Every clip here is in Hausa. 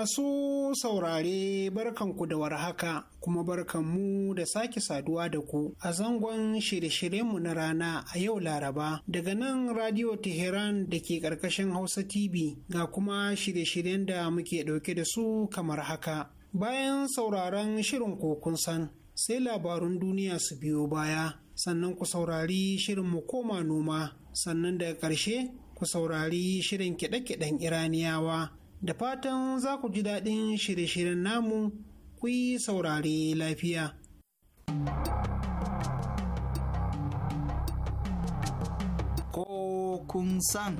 Masu saurare barkanku da warhaka kuma barkanmu da sake saduwa da ku a zangon shirye-shiryenmu na rana a yau Laraba daga nan Radio Teheran da ke ƙarƙashin Hausa TV ga kuma shirye-shiryen da muke ɗauke da su kamar haka. Bayan sauraron shirin kokun san sai labarun duniya su biyo baya sannan ku saurari shirin mu koma noma sannan daga ƙarshe ku saurari shirin kiɗe-kiɗen Iraniyawa. da fatan za ku ji daɗin shirye-shiryen namu ku yi saurare lafiya. Ko kun san.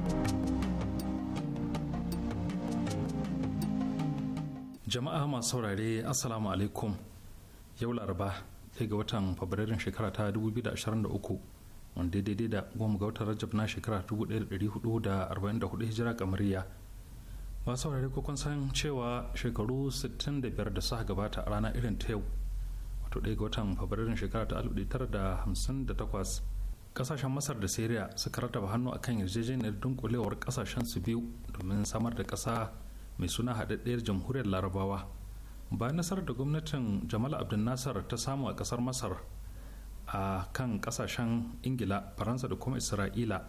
Jama'a masu saurare Assalamu alaikum yau Laraba ɗaya ga watan Fabrairun shekara ta 2023. wanda daidai da goma ga watan rajab na shekara 1444 hijira kamariya masu saurari kun san cewa shekaru 65 da suka gabata a rana irin ta yau wato ɗaya ga watan fabrairun shekara ta 1958 kasashen masar da syria suka rataba hannu akan yarjejeniyar dunkulewar kasashen su biyu domin samar da ƙasa mai suna haɗaɗɗiyar jamhuriyar larabawa bayan nasarar da gwamnatin jamal abdul nasar ta samu a ƙasar masar a kan kasashen ingila faransa da kuma isra'ila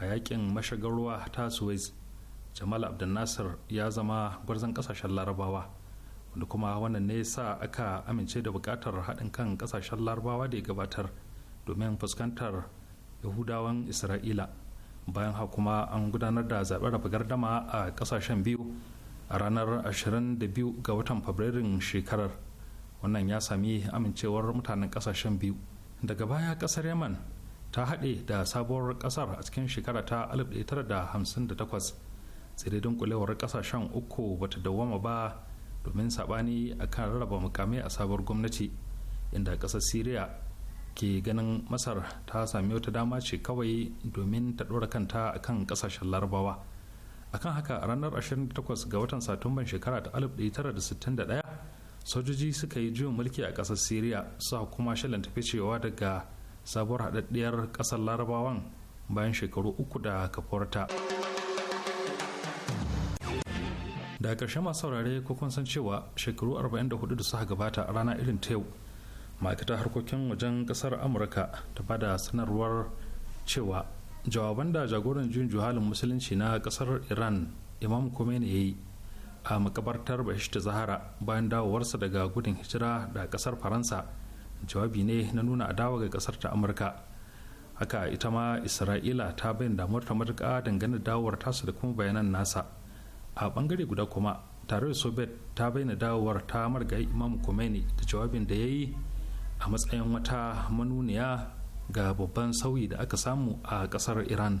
a yakin mashigar ruwa ta suez jamal abdul nasir ya zama gwarzon kasashen larabawa wanda kuma wannan ne sa aka amince da bukatar haɗin kan kasashen larabawa da ya gabatar domin fuskantar yahudawan isra'ila bayan hau kuma an gudanar da zaɓen rafa gardama a kasashen biyu a ranar 22 ga watan fabrairun shekarar wannan ya sami amincewar mutanen kasashen biyu daga baya kasar yaman ta haɗe da sabuwar kasar a cikin shekara ta 1958 sai dai dunkulewar kasashen uku bata dawwama ba domin sabani akan rarraba mukamai a sabuwar gwamnati inda kasar syria ke ganin masar ta sami wata dama ce kawai domin ta ɗora kanta akan kasashen larabawa akan haka ranar 28 ga watan satumban shekara ta 1961 sojoji suka yi juyin mulki a ƙasar syria su kuma shalanta cewa daga sabuwar haɗaɗɗiyar ƙasar larabawan bayan shekaru uku da kafuwarta. da ƙarshe masu saurare ko kun san cewa shekaru 44 da suka gabata a rana irin ta yau ma'aikatar harkokin wajen ƙasar amurka ta bada sanarwar cewa jawaban da jagoran juyin juhalin musulunci na ƙasar iran imam ne ya yi a makabartar ta zahara bayan dawowarsa daga gudun hijira da ƙasar faransa jawabi ne na nuna adawa ga ƙasar ta amurka haka ita ma isra'ila ta bayyana damuwar ta matuƙa dangane dawowar tasu da kuma bayanan nasa a bangare guda kuma tarayyar soviet ta bayyana dawowar ta margayi imam khomeini da jawabin da ya yi a matsayin wata manuniya ga babban sauyi da aka samu a kasar iran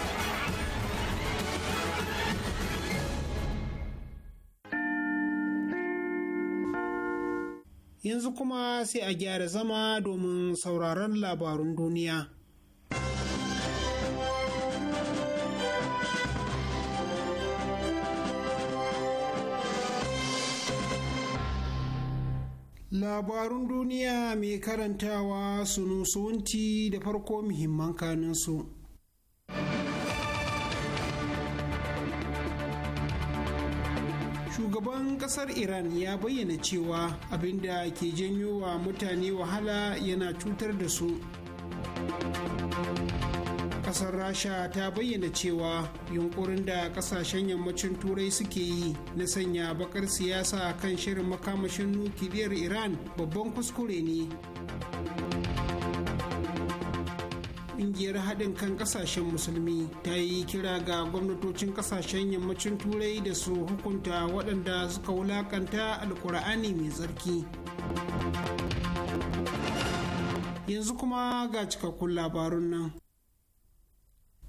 yanzu kuma sai a gyara zama domin sauraron labarun duniya. Labarun duniya mai karantawa sunusunti da farko muhimman kanunsu. shugaban kasar iran ya bayyana cewa abinda ke janyo wa mutane wahala yana cutar da su kasar rasha ta bayyana cewa yunkurin da kasashen yammacin turai suke yi na sanya bakar siyasa kan shirin makamashin nukiliyar iran babban kuskure ne kungiyar haɗin kan ƙasashen musulmi ta yi kira ga gwamnatocin ƙasashen yammacin turai da su hukunta waɗanda suka wulaƙanta alkur'ani mai tsarki yanzu kuma ga cikakkun labarun nan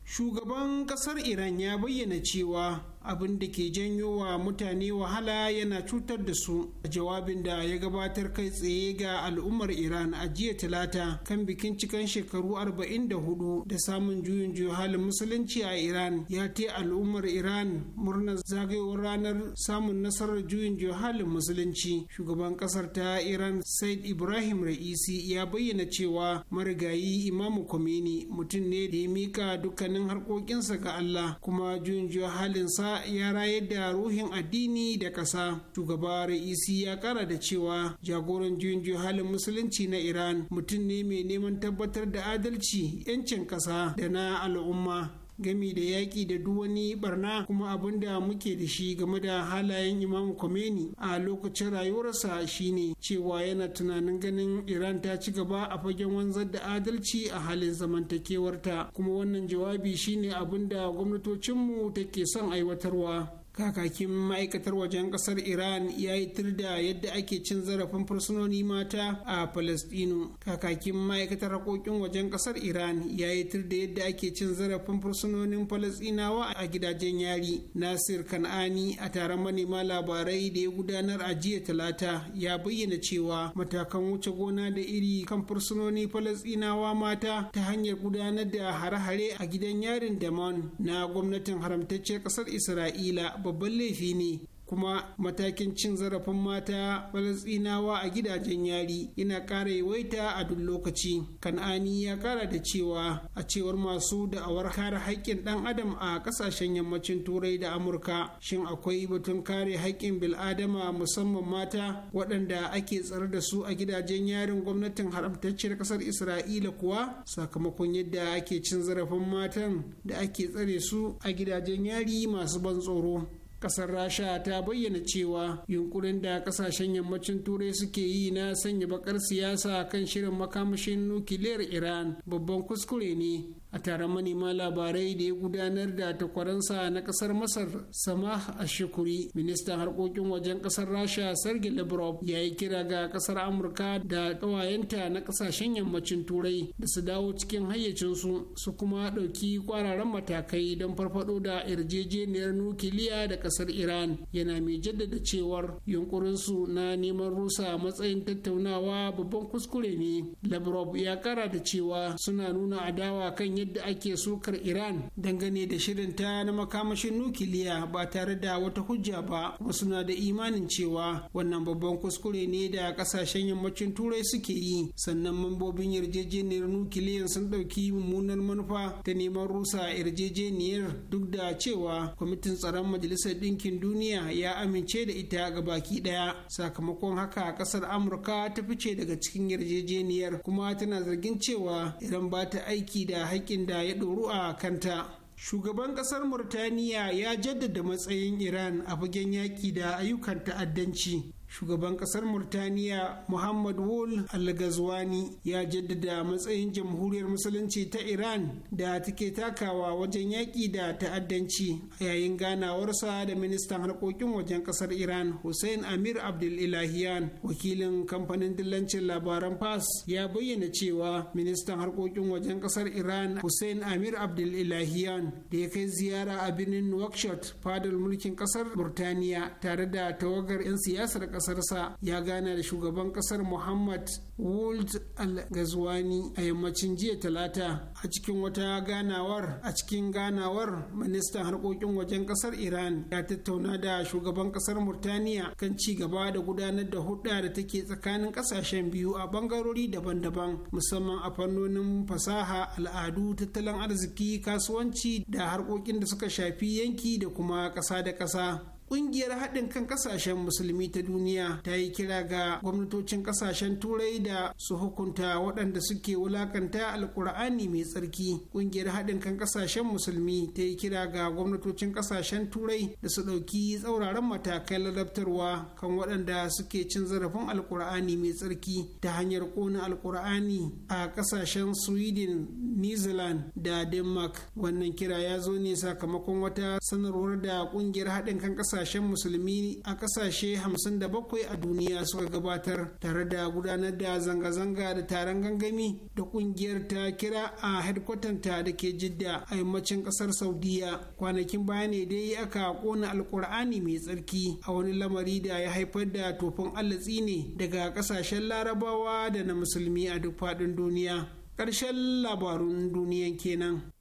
shugaban ƙasar iran ya bayyana cewa abin da ke janyo wa mutane wahala yana cutar da su a jawabin da ya gabatar kai tsaye ga al'ummar iran a jiya talata kan bikin cikan shekaru 44 da samun juyin juyin halin musulunci a iran ya te al'ummar iran murnar zagayowar ranar samun nasarar juyin juyin halin musulunci shugaban kasar ta iran said ibrahim ra'isi ya bayyana cewa marigayi imamu Khomeini mutum ne da ya mika dukkanin harkokinsa ga allah kuma juyin juyin halin sa ya rayar da ruhin addini da ƙasa shugaba ra'isi ya kara da cewa jagoran juyin juyin halin musulunci na iran mutum ne mai neman tabbatar da adalci 'yancin ƙasa da na al'umma gami da yaƙi da duk wani barna kuma abin da muke da shi game da halayen imam Khomeini a lokacin rayuwarsa shine cewa yana tunanin ganin Iran ta ci gaba a fagen wanzar da adalci a halin zamantakewarta kuma wannan jawabi shine abin da gwamnatocinmu take son aiwatarwa. kakakin ma'aikatar wajen kasar iran ya yi tirda yadda ake cin zarafin fursunoni mata a palestino kakakin ma'aikatar haƙoƙin wajen kasar iran ya yi tirda yadda ake cin zarafin fursunonin palestinawa a gidajen yari nasir kan'ani a taron manema labarai da ya gudanar a jiya talata ya bayyana cewa matakan wuce gona da iri kan fursunoni palestinawa mata ta hanyar gudanar da hare-hare a gidan yarin daman na gwamnatin haramtacciyar ƙasar isra'ila babban laifi ne kuma matakin cin zarafin mata falasɗinawa a gidajen yari yana ƙara yawaita a duk lokaci kan'ani ya ƙara da cewa a cewar masu da'awar kare haƙƙin ɗan adam a ƙasashen yammacin turai da amurka shin akwai batun kare haƙƙin bil'adama musamman mata waɗanda ake tsare da su a gidajen yarin gwamnatin haramtacciyar ƙasar isra'ila kuwa sakamakon yadda ake cin zarafin matan da ake tsare su a gidajen yari masu ban tsoro kasar rasha ta bayyana cewa yunkurin da kasashen yammacin turai suke yi na sanya bakar siyasa kan shirin makamashin nukiliyar iran babban kuskure ne a taron manema labarai da ya gudanar da takwaransa na kasar masar sama a shukuri ministan harkokin wajen kasar rasha sergei lavrov ya yi kira ga kasar amurka da kawayenta na kasashen yammacin turai da su dawo cikin hayyacinsu su kuma ɗauki kwararan matakai don farfado da yarjejeniyar nukiliya da kasar iran yana mai jaddada cewar yunkurinsu na neman rusa matsayin tattaunawa babban kuskure ne lavrov ya kara da cewa suna nuna adawa kan yadda ake sukar iran dangane da shirin ta na makamashin nukiliya ba tare da wata hujja ba kuma suna da imanin cewa wannan babban kuskure ne da kasashen yammacin turai suke yi sannan mambobin yarjejeniyar nukiliyan sun ɗauki mummunar manufa ta neman rusa yarjejeniyar duk da cewa kwamitin tsaron majalisar ɗinkin duniya ya amince da ita ga baki ɗaya sakamakon haka ƙasar amurka ta fice daga cikin yarjejeniyar kuma tana zargin cewa idan ba ta aiki da haƙƙin yakin da ya ɗoru a kanta shugaban kasar murtaniya ya jaddada matsayin iran a fagen yaki da ayyukan ta'addanci shugaban kasar murtaniya muhammad wol al-gazwani ya jaddada matsayin jamhuriyar musulunci ta iran da take takawa wajen yaƙi da ta'addanci a yayin ganawarsa da ministan harkokin wajen kasar iran hussein amir abdulilahiyan wakilin kamfanin dillancin labaran PAS ya bayyana cewa ministan harkokin wajen kasar iran hussein amir abdulilahiyan da ya kai ziyara a birnin nouakchott fadar mulkin kasar murtaniya tare da tawagar 'yan siyasar kasarsa ya gana da shugaban kasar muhammad wold al-gazwani a yammacin jiya talata a cikin wata ganawar a cikin ganawar ministan harkokin wajen kasar iran ya tattauna da shugaban kasar murtaniya kan ci gaba da gudanar da hudda da take tsakanin kasashen biyu a bangarori daban-daban musamman a fannonin fasaha al'adu tattalin arziki kasuwanci da harkokin da suka shafi yanki da kuma ƙasa da ƙasa Ƙungiyar haɗin kan ƙasashen musulmi ta duniya ta yi kira ga gwamnatocin ƙasashen turai da su hukunta waɗanda suke wulakanta alkur'ani mai tsarki. Ƙungiyar haɗin kan ƙasashen musulmi ta yi kira ga gwamnatocin ƙasashen turai da su ɗauki tsauraran matakai ladabtarwa kan waɗanda suke cin zarafin alkur'ani mai tsarki ta hanyar ƙona alkur'ani a ƙasashen Sweden, New Zealand da Denmark. Wannan kira ya zo ne sakamakon wata sanarwar da ƙungiyar haɗin kan ƙasashen kasashen musulmi a kasashe 57 a duniya suka gabatar tare da gudanar da zanga-zanga da taron gangami da kungiyar ta kira a hedkwatanta da ke jidda a yammacin kasar saudiya kwanakin baya ne dai aka kona alkur'ani mai tsarki a wani lamari da ya haifar da tofin allatsi ne daga kasashen larabawa da na musulmi a duk faɗin duniya ƙarshen labarun duniyan kenan.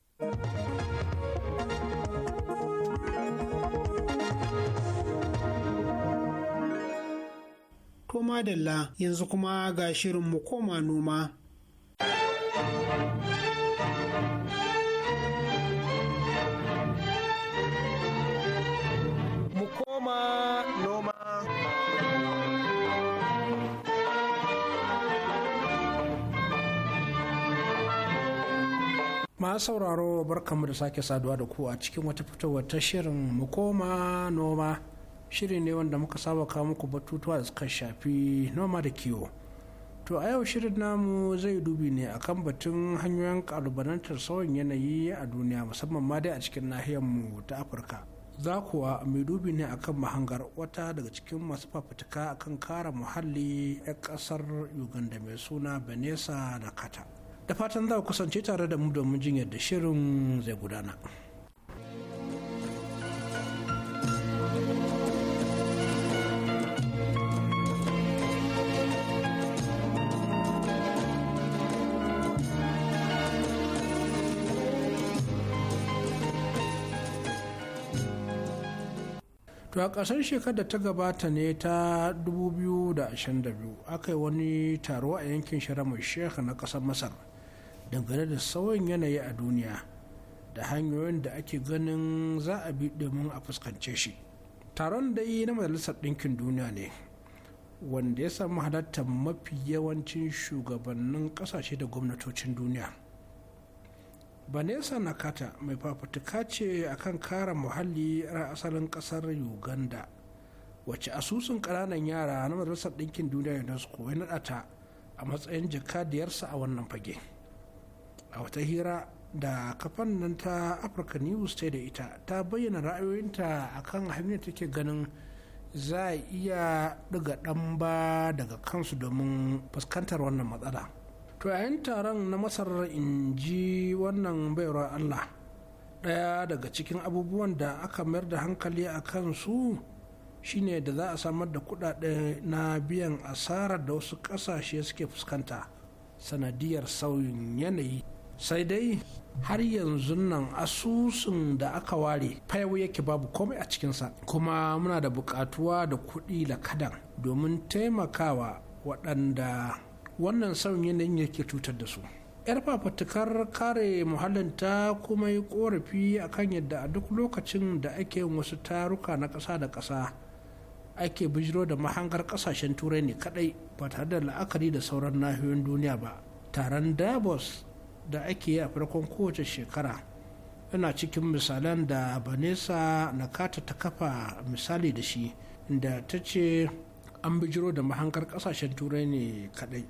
To madalla yanzu kuma ga shirin mu koma noma. Mu koma noma. sauraro barkanmu da sake saduwa da ku a cikin wata fitowar ta shirin mu koma noma shiri ne wanda muka saba kawo muku batutuwa da suka shafi noma da kiwo to a yau shirin namu zai dubi ne akan batun hanyoyin kalubalantar sauyin yanayi a duniya musamman ma dai a cikin nahiyar mu ta afirka za kuwa mai dubi ne akan mahangar wata daga cikin masu fafutuka akan kara muhalli 'yan kasar uganda mai suna benesa da kata da fatan za ku kusance tare da mu domin jin yadda shirin zai gudana. ga a shekarar da ta gabata ne ta 2022 aka yi wani taro a yankin sharamar sheikh na ƙasar masar dangane da sauyin yanayi a duniya da hanyoyin da ake ganin za a bi domin a fuskance shi taron dai na majalisar ɗinkin duniya ne wanda ya samu halartar mafi yawancin shugabannin ƙasashe da gwamnatocin duniya vanessa nakata mai fafutuka ce akan kara muhalli a asalin kasar uganda wacce asusun ƙananan yara na majalisar ɗinkin duniya unesco ya naɗa ta a matsayin jakadiyarsa a wannan fage a wata hira da kafan nan ta africa news ta da ita ta bayyana ra'ayoyinta akan hanyar take ganin za a iya ɗiga ɗan ba daga kansu domin fuskantar wannan matsala to yayin taron na masar in ji wannan baiwar allah ɗaya daga cikin abubuwan da aka mayar da hankali a kansu shine da za a samar da kuɗaɗe na biyan asarar da wasu ƙasashe suke fuskanta sanadiyar sauyin yanayi sai dai har yanzu nan asusun da aka ware fayau yake babu komai a cikinsa kuma muna da bukatuwa da kuɗi da kadan domin taimakawa waɗanda wannan sauyin yanayin yake cutar da su yar fafatukar kare muhallinta kuma yi korafi kan yadda a duk lokacin da ake yin wasu taruka na ƙasa da ƙasa ake bijiro da mahangar ƙasashen turai ne kadai ba tare da la'akari da sauran nahiyoyin duniya ba taron davos da ake yi a farkon kowace shekara yana cikin misalan da vanessa nakata ta kafa misali da shi inda ta ce an bijiro da mahangar ƙasashen turai ne kadai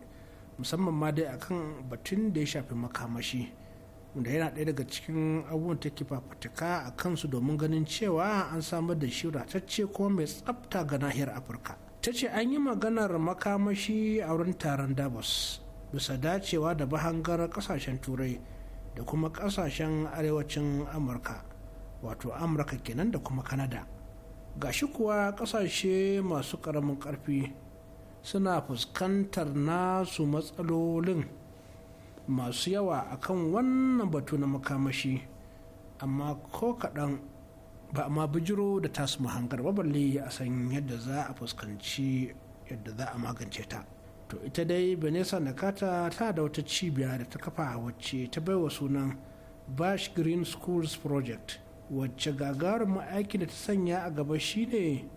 musamman ma dai akan batun da ya shafi makamashi wanda yana ɗaya daga cikin abubuwan ta ke fafutuka a kansu domin ganin cewa an samar da shi ratacce kuma mai tsafta ga nahiyar afirka ta ce an yi maganar makamashi a wurin taron davos bisa dacewa da bahangar kasashen turai da kuma kasashen arewacin amurka wato amurka kenan da kuma kanada gashi kuwa kasashe masu karamin ƙarfi. suna fuskantar nasu matsalolin masu yawa akan wannan batu na makamashi amma ko kaɗan ba ma bijiro da tasu mahangar ba balle a san yadda za a fuskanci yadda za a magance ta to ita dai benesa nakata ta da wata cibiya da ta kafa wacce ta baiwa sunan bash green schools project wacce gagarumin aiki da ta sanya a gaba shine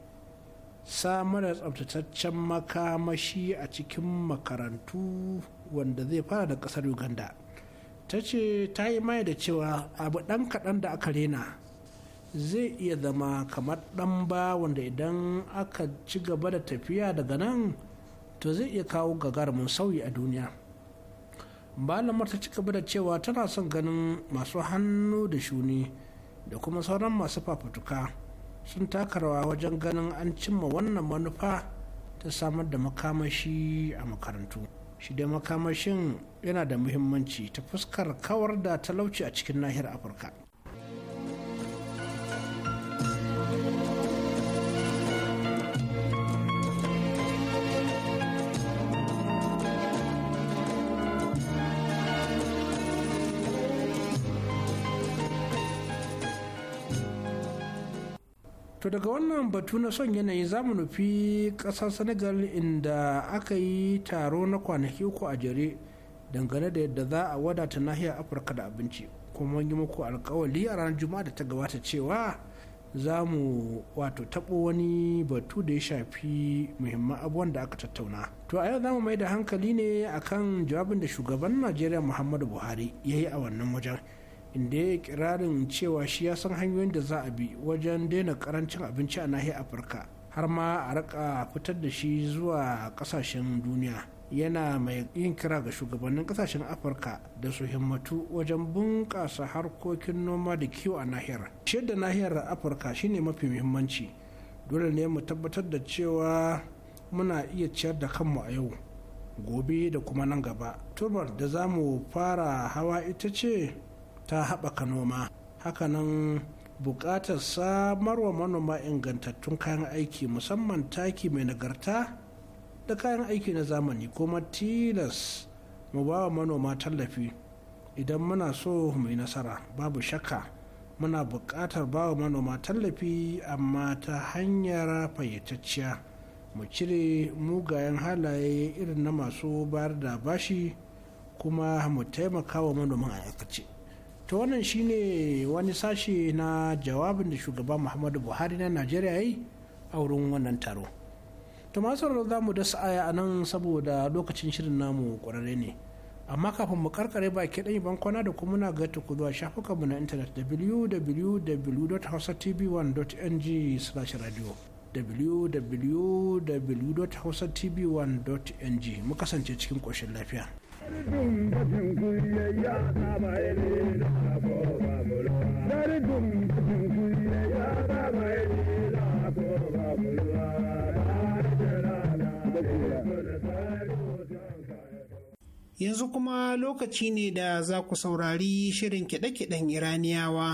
samar da tsabtataccen makamashi a cikin makarantu wanda zai fara da kasar uganda ta ce ta yi mai da cewa abu ɗan kaɗan da aka rena zai iya zama kamar ɗan ba wanda idan aka ci gaba da tafiya daga nan to zai iya kawo gagarumin sauyi a duniya Balamar ta ci gaba da cewa tana son ganin masu hannu da shuni da kuma sauran masu fafutuka. sun taka rawa wajen ganin an cimma wannan manufa ta samar da makamashi a makarantu shi da makamashin yana da muhimmanci ta fuskar kawar da talauci a cikin nahiyar afirka to daga wannan batu na son yanayi za mu nufi ƙasar senegal inda aka yi taro na kwanaki uku a jere dangane da yadda za a wadata nahiyar afirka da abinci kuma yi muku alkawali a ranar juma'a da ta gabata cewa za mu wato taɓo wani batu da ya shafi muhimman abubuwan da aka tattauna to a yau za mu mai da hankali ne akan jawabin da shugaban najeriya muhammadu buhari ya yi a wannan wajen inda ya kirarin cewa shi ya san hanyoyin da za a bi wajen daina karancin abinci a nahiyar afirka har ma a rika fitar da shi zuwa kasashen duniya yana mai yin kira ga shugabannin kasashen afirka da su himmatu wajen bunƙasa harkokin noma da kiwo a nahiyar ciyar da nahiyar afirka shine mafi muhimmanci dole ne mu tabbatar da cewa muna iya ciyar da kanmu a yau gobe da kuma nan gaba turbar da za mu fara hawa ita ce ta haɓaka noma hakanan buƙatar samarwa manoma ingantattun kayan aiki musamman taki mai nagarta da kayan aiki na zamani kuma tilas mu ba wa manoma tallafi idan muna so mu yi nasara babu shakka muna buƙatar ba wa manoma tallafi amma ta hanyar fayyatacciya mu cire mugayen halaye irin na masu bayar da bashi kuma mu taimaka wa manoman a aikace. ta wannan shine wani sashe na jawabin da shugaban muhammadu buhari na najeriya yi a wurin wannan taro to masu za mu da aya a nan saboda lokacin shirin namu kwararre ne amma kafin mu karkare baki ɗanyi bankwana da kuma muna gata ku zuwa shafukanmu na intanet www.hausatv1.ng/radio www.hausatv1.ng mu kasance cikin ƙoshin lafiya. Yanzu kuma lokaci ne da za ku saurari shirin kiɗe-kiɗen Iraniyawa.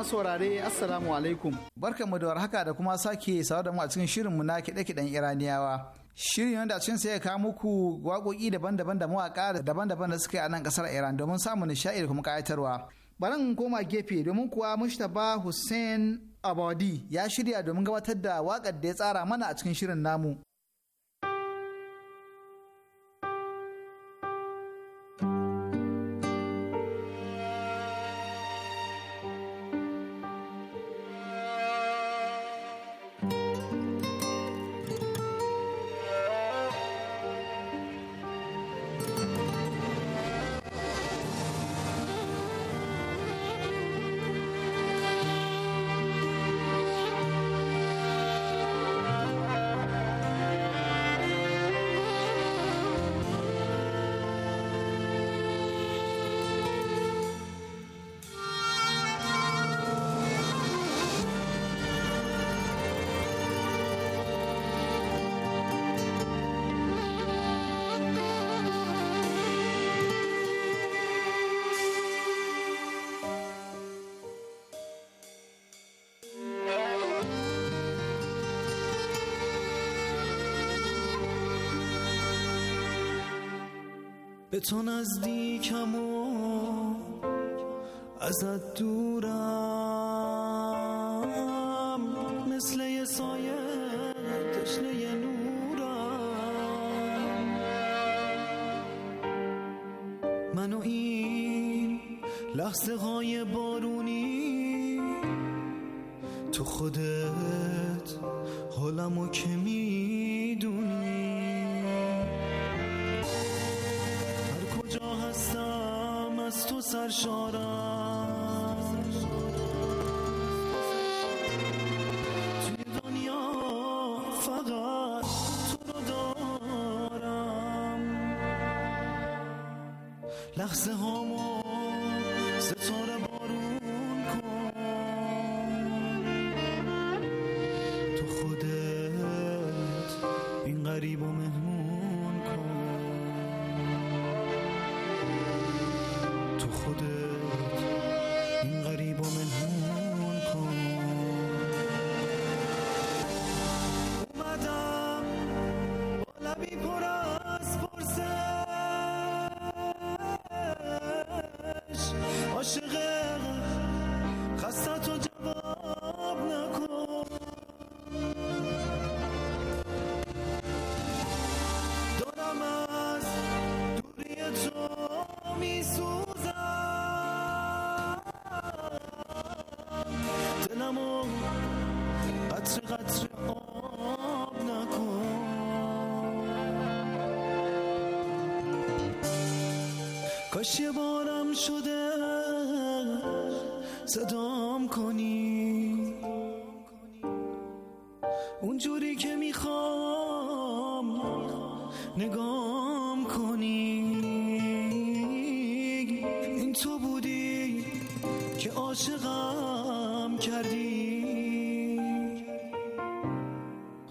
masu saurare assalamu alaikum barka mu da warhaka da kuma sake sawa da mu a cikin shirin mu na kiɗe-kiɗen iraniyawa shirin wanda a cikin sai ya kawo muku waƙoƙi daban-daban da mawaƙa daban-daban da suka yi a nan ƙasar iran domin samun nishaɗi da kuma ƙayatarwa barin koma gefe domin kuwa mustapha hussein abadi ya shirya domin gabatar da waƙar da ya tsara mana a cikin shirin namu تو نزدیکم و ازت دورم مثل یه سایه تشنه نورم من این لحظه های بارونی تو خودت حالمو که تو سرشارم توی دنیا فقط تو رو دارم لحظه هامو ستاره بارون کن تو خودت این غریبم pour deux. کاش یه بارم شده صدام کنی اونجوری که میخوام نگام کنی این تو بودی که عاشقم کردی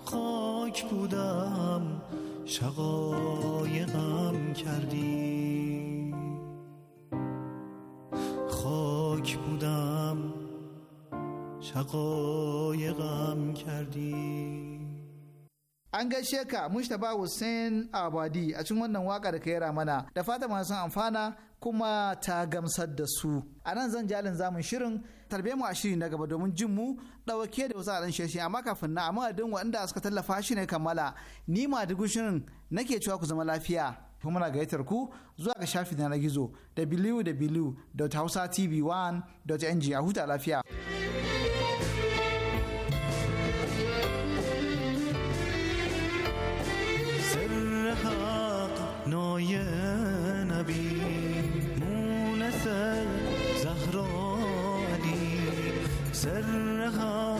خاک بودم شقایقم کردی شقایقم کردی an gaishe ka Mustapha Hussein Abadi a cikin wannan waka da ka yara mana da fata masu amfana kuma ta gamsar da su a nan zan jalin zamun shirin tarbe mu a shiri na gaba domin jin mu ɗauke da wasu alan shashi amma kafin na amma adin waɗanda suka tallafa shi ne kammala ni ma dugu shirin nake cewa ku zama lafiya kuma muna gayyatar ku zuwa ga shafi na gizo www.hausatv1.ng a huta lafiya. سرها